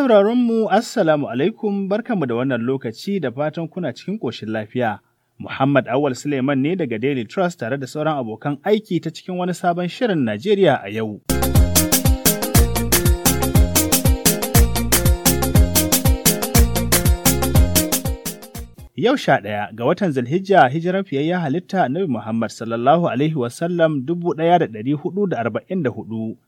sauraronmu, Assalamu alaikum, barkanmu da wannan lokaci da fatan kuna cikin ƙoshin lafiya. Muhammad Awal Suleiman ne daga Daily Trust tare da sauran abokan aiki ta cikin wani sabon shirin Najeriya a yau. Yau sha ɗaya ga watan Zulhijja fiye fiyayya halitta Annabi Muhammad sallallahu Alaihi wasallam dubu ɗaya da ɗari hudu da arba'in da hudu.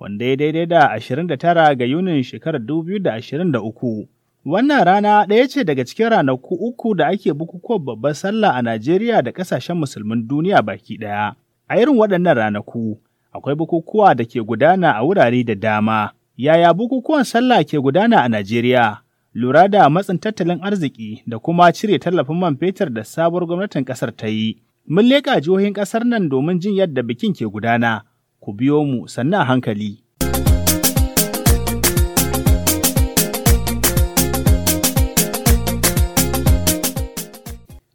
wanda ya daidai da 29 ga Yunin shekarar 2023. Wannan rana ɗaya ce daga cikin ranaku uku da ake bukukuwan babbar sallah a Najeriya da ƙasashen musulmin duniya baki ɗaya. A irin waɗannan ranaku, akwai bukukuwa da ke gudana a wurare da dama. Yaya bukukuwan sallah ke gudana a Najeriya? Lura da matsin tattalin arziki da kuma cire tallafin man fetur da sabuwar gwamnatin ƙasar ta yi. Mun leƙa jihohin ƙasar nan domin jin yadda bikin ke gudana. ku biyo mu sannan a hankali.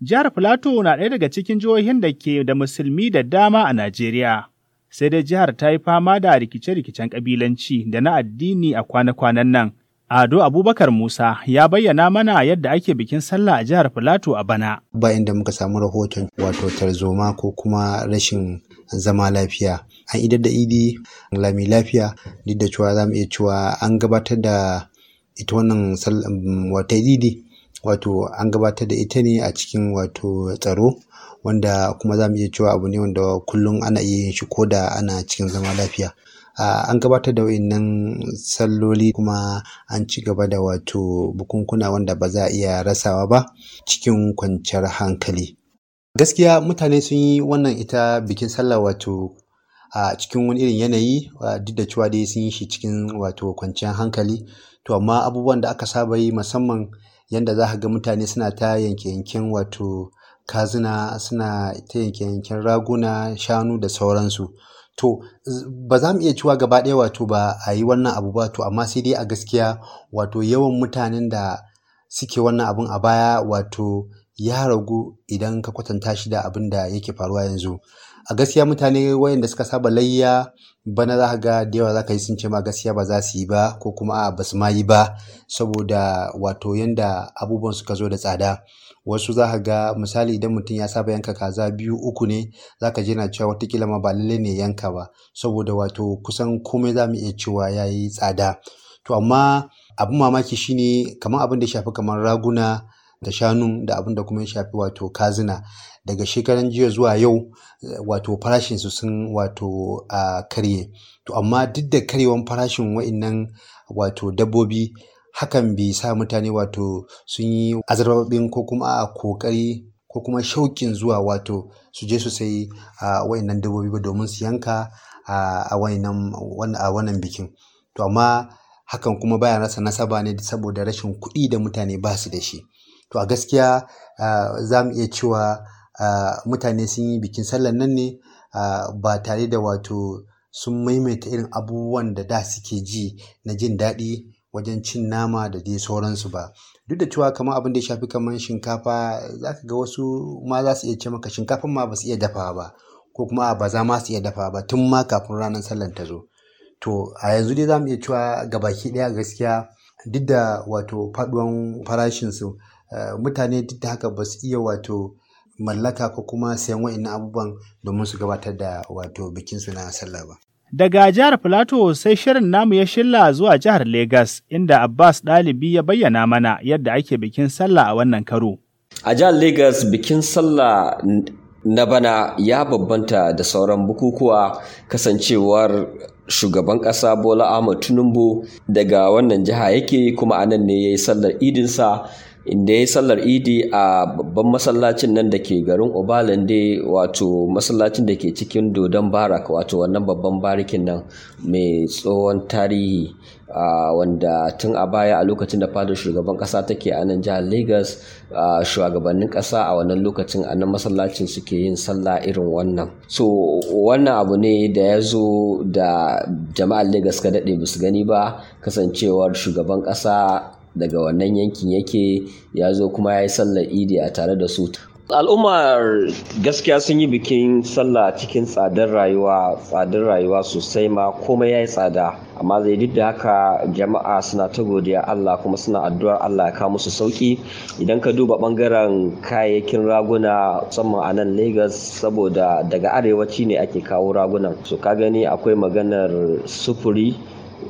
Jihar Filato na ɗaya daga cikin jihohin da ke da musulmi da dama a Najeriya, sai dai jihar ta yi fama da rikice-rikicen ƙabilanci da na addini a kwana-kwanan nan. Ado Abubakar Musa ya bayyana mana yadda ake bikin sallah a jihar Filato a bana. Ba inda muka samu rahoton wato tarzoma ko kuma rashin zama lafiya an idar da idi lami lafiya duk da cewa za mu iya cewa an gabatar da ita wannan wata idi wato an gabatar da ita ne a cikin wato tsaro wanda kuma za mu iya cewa abu ne wanda kullum ana iya yin shi ko da ana cikin zama lafiya an gabatar da wayannan salloli kuma an ci gaba da wato bukunkuna wanda ba za a iya rasawa ba cikin kwanciyar hankali gaskiya mutane sun yi wannan ita bikin sallah wato a cikin wani irin yanayi duk da cewa dai sun yi shi cikin wato kwanciyar hankali to amma abubuwan da aka saba yi musamman yanda za ka ga mutane suna ta yanke-yanken wato kazina suna ta yanke-yanken raguna shanu da sauransu to ba za mu iya cewa gaba ɗaya wato ba a yi wannan abu ba to amma sai dai a gaskiya wato yawan mutanen da suke wannan abun a baya wato ya ragu idan ka kwatanta shi da abin da yake faruwa yanzu a gaskiya mutane wayanda suka saba layya bana za ka ga da yawa za ka yi sun ce ma gaskiya ba za su yi ba ko kuma a ba su ma yi ba saboda wato yanda abubuwan suka zo da tsada wasu za ka ga misali idan mutum ya saba yanka kaza biyu uku ne za ka je na cewa watakila ma ba lalle ne yanka ba saboda wato kusan komai za mu iya cewa ya yi tsada to amma abin mamaki shine kamar abin da ya shafi kamar raguna da shanu da abin da kuma ya shafi wato kazina daga shekaran jiya zuwa yau eh, wato farashinsu sun wato a karye to amma duk da karyewan farashin wa'innan wato dabbobi hakan bai sa mutane wato sun yi azarbabin ko kuma a kokari ko kuma shauƙin zuwa wato su je su sai a wa'innan dabbobi ba domin su yanka a wannan bikin to amma hakan kuma baya rasa nasaba ne saboda rashin kuɗi da mutane ba su da shi to a gaskiya za mu iya cewa mutane sun yi bikin sallar nan ne ba tare da wato sun maimaita irin abubuwan da da suke ji na jin daɗi wajen cin nama da dai sauransu ba duk da cewa kamar abin da ya shafi kamar shinkafa za ka ga wasu ma za su iya ce maka shinkafan ma ba su iya dafa ba ko kuma ba za ma su iya dafa ba tun ma kafin ranar sallar ta zo to a yanzu dai za mu iya cewa baki ɗaya gaskiya duk da wato faɗuwan farashinsu Eh, mutane duk da haka ba su iya wato mallaka ko kuma sayan wa'annan abubuwan domin su gabatar da wato bikinsu na sallah ba. Daga jihar Filato sai shirin namu ya shilla zuwa jihar Legas inda Abbas ɗalibi ya bayyana mana yadda ake bikin sallah a wannan karo. A jihar Legas bikin sallah na bana ya babbanta da sauran bukukuwa kasancewar shugaban ƙasa Bola ahmed Tinubu daga wannan jiha yake kuma anan ne ya yi sallar idinsa inda ya yi sallar idi a babban masallacin nan da ke garin obalande wato masallacin da ke cikin dodon barak wato wannan babban barikin nan mai tsohon tarihi wanda tun a baya a lokacin da fadar shugaban kasa take a nan jihar lagos shugabannin kasa a wannan lokacin a nan masallacin suke yin sallah irin wannan so wannan abu ne da ya zo da jama'ar lagos ka daɗe ba su gani ba kasancewar shugaban kasa daga wannan yankin yake ya zo kuma ya yi sallar idi a tare da su al'ummar gaskiya sun yi bikin sallah cikin tsadar rayuwa tsadar rayuwa sosai ma komai ya yi tsada amma zai duk da haka jama'a suna ta godiya Allah kuma suna addu'ar Allah ya kawo musu sauki idan ka duba bangaren kayayyakin raguna musamman a nan Lagos saboda daga arewaci ne ake kawo ragunan so ka gani akwai maganar sufuri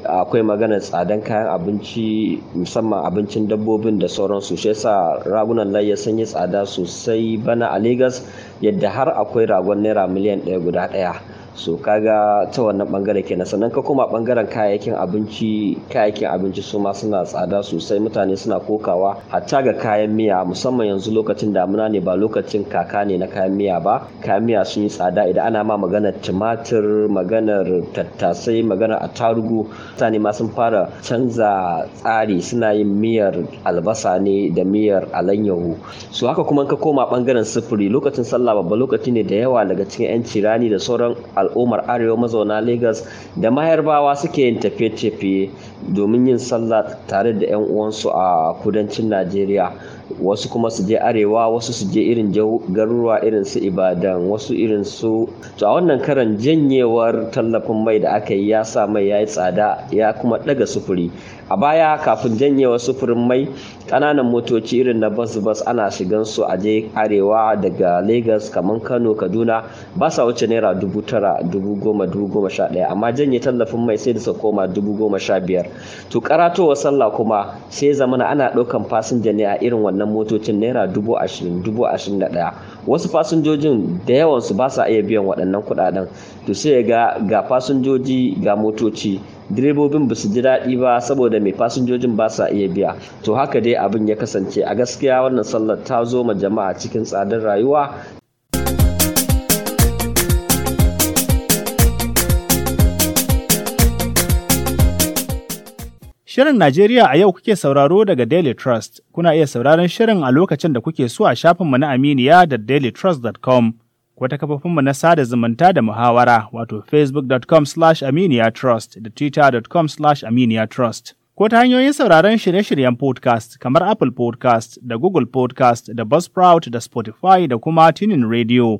akwai maganar tsadan kayan abinci musamman abincin dabbobin da sauransu shi yasa ragunan layya sun yi tsada sosai bana a Legas yadda har akwai ragon naira miliyan ɗaya guda ɗaya so kaga ta wannan bangare kenan sannan ka koma bangaren kayayyakin abinci kayayyakin abinci su ma suna tsada sosai mutane suna kokawa hatta ga kayan miya musamman yanzu lokacin damuna ne ba lokacin kaka ne na kayan miya ba kayan miya sun yi tsada idan ana ma maganar tumatir maganar tattasai maganar attarugu mutane ma sun fara canza tsari suna yin miyar albasa ne da miyar alanyahu so haka kuma ka koma bangaren sufuri lokacin sallah babba lokaci ne da yawa daga cikin 'yan cirani da sauran al al'ummar arewa mazauna lagos da maharbawa suke yin tafiye-tafiye domin yin sallah tare da 'yan uwansu a kudancin najeriya wasu kuma su je arewa wasu su je irin garuruwa irin su ibadan wasu irin su to a wannan karan janyewar tallafin mai da aka yi ya sa mai ya yi tsada ya kuma daga sufuri a baya kafin janyewar sufurin mai ƙananan motoci irin na bas bas ana shigan su a je arewa daga lagos kamar kano kaduna ba sa wuce naira dubu tara dubu goma dubu goma sha ɗaya amma janye tallafin mai sai da su koma dubu goma sha biyar to karatowar sallah kuma sai zamana ana ɗaukan fasinja ne a irin wannan wannan motocin naira dubu ashirin dubu ashirin da ɗaya wasu fasinjojin da yawansu ba sa iya biyan waɗannan kuɗaɗen to sai ga ga fasinjoji ga motoci direbobin ba su ji daɗi ba saboda mai fasinjojin ba sa iya biya to haka dai abin ya kasance a gaskiya wannan sallar ta zo ma jama'a cikin tsadar rayuwa Shirin Najeriya a yau kuke sauraro daga Daily Trust. Kuna iya sauraron shirin a lokacin da kuke so a shafinmu na Aminiya da dailytrust.com ko ta kafofinmu na sada zumunta da muhawara wato facebook.com slash aminiya trust da twitter.com slash aminiya trust. Ko ta hanyoyin sauraron shirye-shiryen podcast kamar Apple podcast da Google podcast da Buzzsprout da Spotify da kuma Tunin Radio.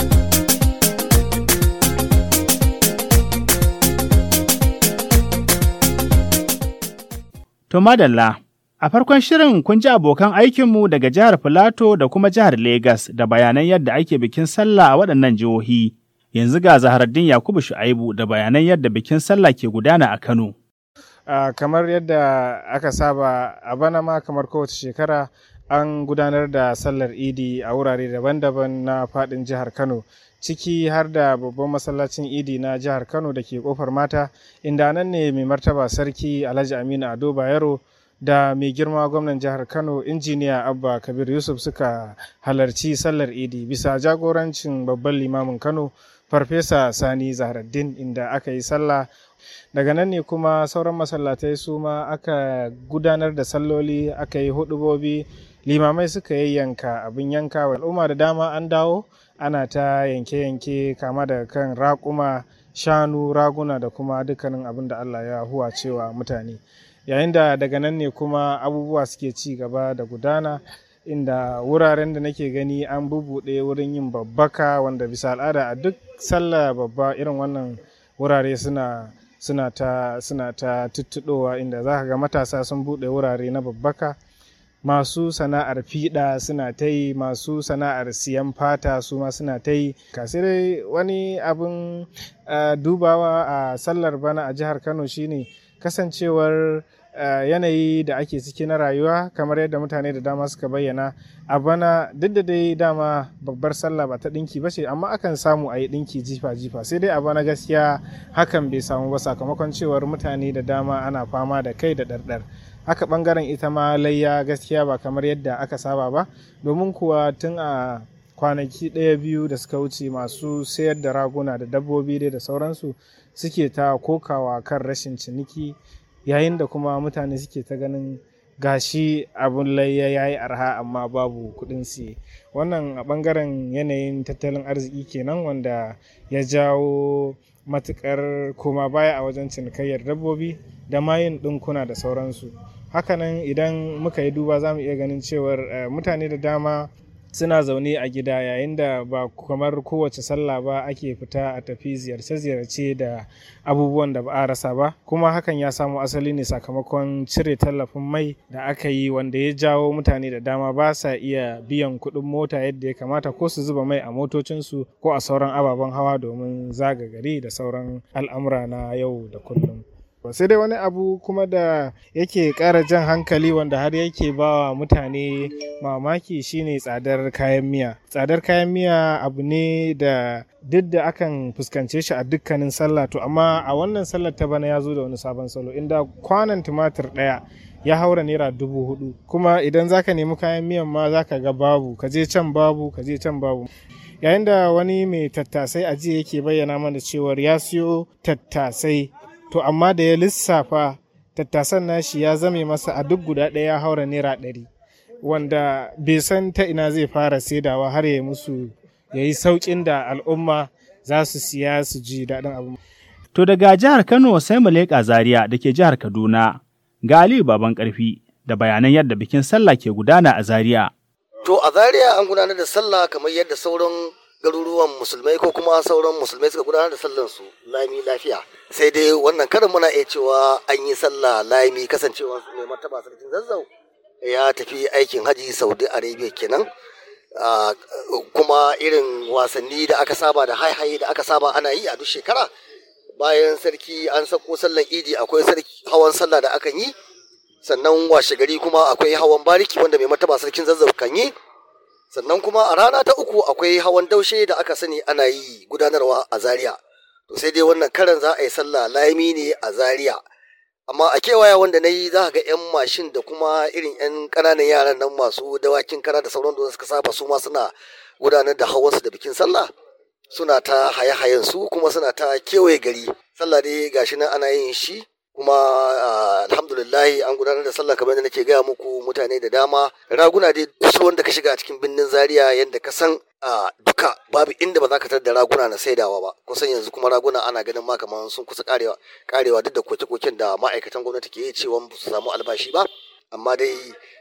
To madalla, a farkon shirin kun ji abokan aikinmu daga jihar Filato da kuma jihar Legas da bayanan yadda ake bikin sallah a waɗannan jihohi. Yanzu ga Zaharaddin Yakubu Shu'aibu da bayanan yadda bikin sallah ke gudana a Kano. Uh, kamar yadda aka saba a bana ma kamar kowace shekara an gudanar da sallar idi a wurare daban-daban na faɗin jihar Kano ciki har da babban masallacin idi na jihar kano da ke kofar mata inda nan ne mai martaba sarki alhaji aminu ado bayero da mai girma gwamnan jihar kano injiniya abba kabir yusuf suka halarci sallar idi bisa jagorancin babban limamin kano farfesa sani zahraddin inda aka yi sallah daga nan ne kuma sauran masallatai su ma aka gudanar da salloli aka yi hudubobi limamai suka yayyanka abin yanka al'umma da dama an dawo ana ta yanke-yanke kama daga kan raƙuma shanu raguna da kuma dukkanin abin da allah ya huwa cewa mutane yayin da daga nan ne kuma abubuwa suke ci gaba da gudana inda wuraren da nake gani an bubuɗe wurin yin babbaka wanda bisa al'ada a duk sallah babba irin wannan wurare suna suna ta tuttuɗowa inda za ka ga matasa sun buɗe wurare na babbaka masu sana'ar fiɗa suna ta yi masu sana'ar siyan fata su ma suna ta yi kasirai wani abin dubawa a sallar bana a jihar kano shine kasancewar yanayi da ake ciki na rayuwa kamar yadda mutane da dama suka bayyana a bana duk da dai dama babbar sallah ba ta dinki ba ce amma akan samu a yi dinki jifa-jifa sai dai a bana gaskiya hakan bai samu ba sakamakon cewar mutane da dama ana fama da kai da ɗarɗar haka bangaren ita ma layya gaskiya ba kamar yadda aka saba ba domin kuwa tun a kwanaki ɗaya biyu da suka wuce masu sayar da raguna da dabbobi dai da sauransu suke ta kokawa kan rashin ciniki yayin da kuma mutane suke ta ganin gashi abun layya ya yi arha amma babu kuɗin siye wannan a bangaren yanayin tattalin arziki kenan wanda ya jawo matukar koma baya a wajen cinikayyar dabbobi da mayin ɗinkuna da sauransu hakanan idan muka yi duba za mu iya ganin cewar eh, mutane da dama suna zaune a gida yayin da ba kamar kowace sallah ba ake fita a tafi ziyarce-ziyarce da abubuwan da ba rasa ba kuma hakan ya samu asali ne sakamakon cire tallafin mai da aka yi wanda ya jawo mutane da dama ba sa iya biyan kuɗin mota yadda ya kamata ko su zuba mai a motocinsu ko a sauran ababen hawa domin zaga gari da sauran al'amura na yau da kullum sai dai wani abu kuma da yake ƙara jan hankali wanda har yake ba wa mutane mamaki shine tsadar kayan miya tsadar kayan miya abu ne da duk da akan fuskance shi a dukkanin sallah to amma a wannan sallar ta bana ya zo da wani sabon salo inda kwanan tumatir ɗaya ya haura naira dubu hudu kuma idan zaka nemi kayan miyan ma zaka ga babu ka je can babu ka je can babu yayin da wani mai tattasai a jiya yake bayyana mana cewar ya siyo tattasai to amma da ya lissafa tattasan nashi ya zame masa a duk guda ɗaya ya haura naira ɗari wanda bai san ta ina zai fara saidawa har ya musu ya yi sauƙin da al'umma za su siya su ji daɗin abu. To daga jihar Kano sai mu leƙa Zaria da ke jihar Kaduna ga Aliyu Baban Ƙarfi da bayanan yadda bikin sallah ke gudana a Zaria. To a Zaria an gudanar da sallah kamar yadda sauran garuruwan musulmai ko kuma sauran musulmai suka gudanar da sallan su lami lafiya sai dai wannan karin muna iya cewa an yi sallah lami kasancewa mai martaba sarkin zazzau ya tafi aikin haji saudi arabia kenan kuma irin wasanni da aka saba da haihaye da aka saba ana yi a duk shekara bayan sarki an sako sallan idi akwai hawan sallah da akan yi sannan washe gari kuma akwai hawan bariki wanda mai martaba sarkin zazzau kan yi sannan kuma a rana ta uku akwai hawan daushe da aka sani ana yi gudanarwa a zaria to sai dai wannan karan za a yi sallah lami ne a zaria amma a kewaya wanda na yi za ga 'yan mashin da kuma irin 'yan ƙananan yaran nan masu dawakin kara da sauran da suka saba su ma suna gudanar da hawansu da bikin sallah suna ta haye-hayen su kuma suna ta kewaye gari sallah dai gashi nan ana yin shi kuma ah, alhamdulillahi an gudanar da sallah kamar yadda nake gaya muku mutane da dama raguna dai kusa wanda ka shiga a cikin birnin zaria yadda ka san ah, duka babu inda ba za ka tar da raguna na saidawa ba kusan yanzu kuma raguna ana ganin ma kamar sun kusa karewa karewa duk da koke-koken da ma'aikatan gwamnati ke yi cewa ba su samu albashi ba amma dai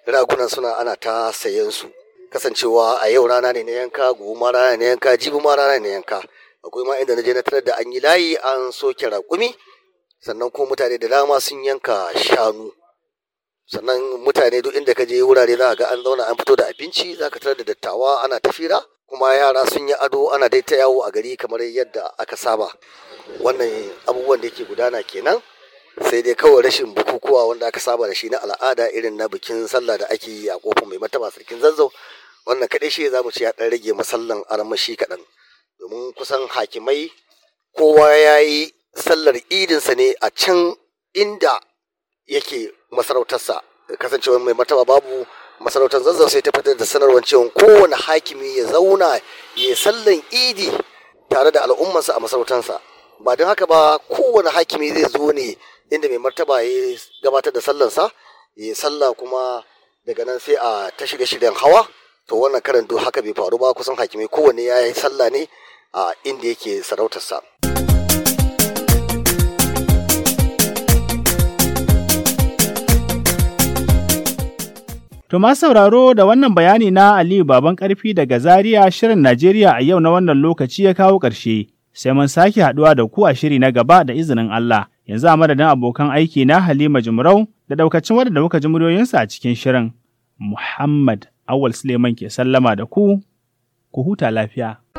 raguna suna ana ta sayan su kasancewa a yau rana ne na yanka gobe ma rana ne na yanka jibi ma rana ne na yanka akwai ma inda na je na tarar da an yi layi an soke raƙumi sannan ko mutane da dama sun yanka shanu sannan mutane duk inda ka je wurare za ga an zauna an fito da abinci za ka tarar da dattawa ana tafira kuma yara sun yi ado ana dai ta yawo a gari kamar yadda aka saba wannan abubuwan da yake gudana kenan sai dai kawai rashin bukukuwa wanda aka saba da shi na al'ada irin na bikin sallah da ake yi a kofar mai mataba sarkin zanzau wannan kaɗai shi za mu ci ya ɗan rage masallan armashi kaɗan domin kusan hakimai kowa ya yi sallar idinsa ne a can inda yake masarautarsa kasancewa mai martaba babu masarautar zazzau sai ta fitar da sanarwar cewa kowane hakimi ya zauna ya sallan idi tare da al'ummarsa a masarautarsa ba don haka ba kowane hakimi zai zo ne inda mai martaba ya gabatar da sallarsa ya salla kuma daga nan sai a ta shiga shirin hawa to wannan karin haka bai faru ba kusan hakimi kowane ya yi salla ne a inda yake sarautarsa. To masu sauraro da wannan bayani na Aliyu Baban Ƙarfi daga Zaria Shirin Najeriya a yau na wannan lokaci ya kawo ƙarshe. Sai mun sake haɗuwa da ku a shiri na gaba da izinin Allah. Yanzu a madadin abokan aiki na Halima Jumrau da ɗaukacin waɗanda muka ji muryoyinsa a cikin shirin. Muhammad Awal Suleiman ke sallama da ku, ku huta lafiya.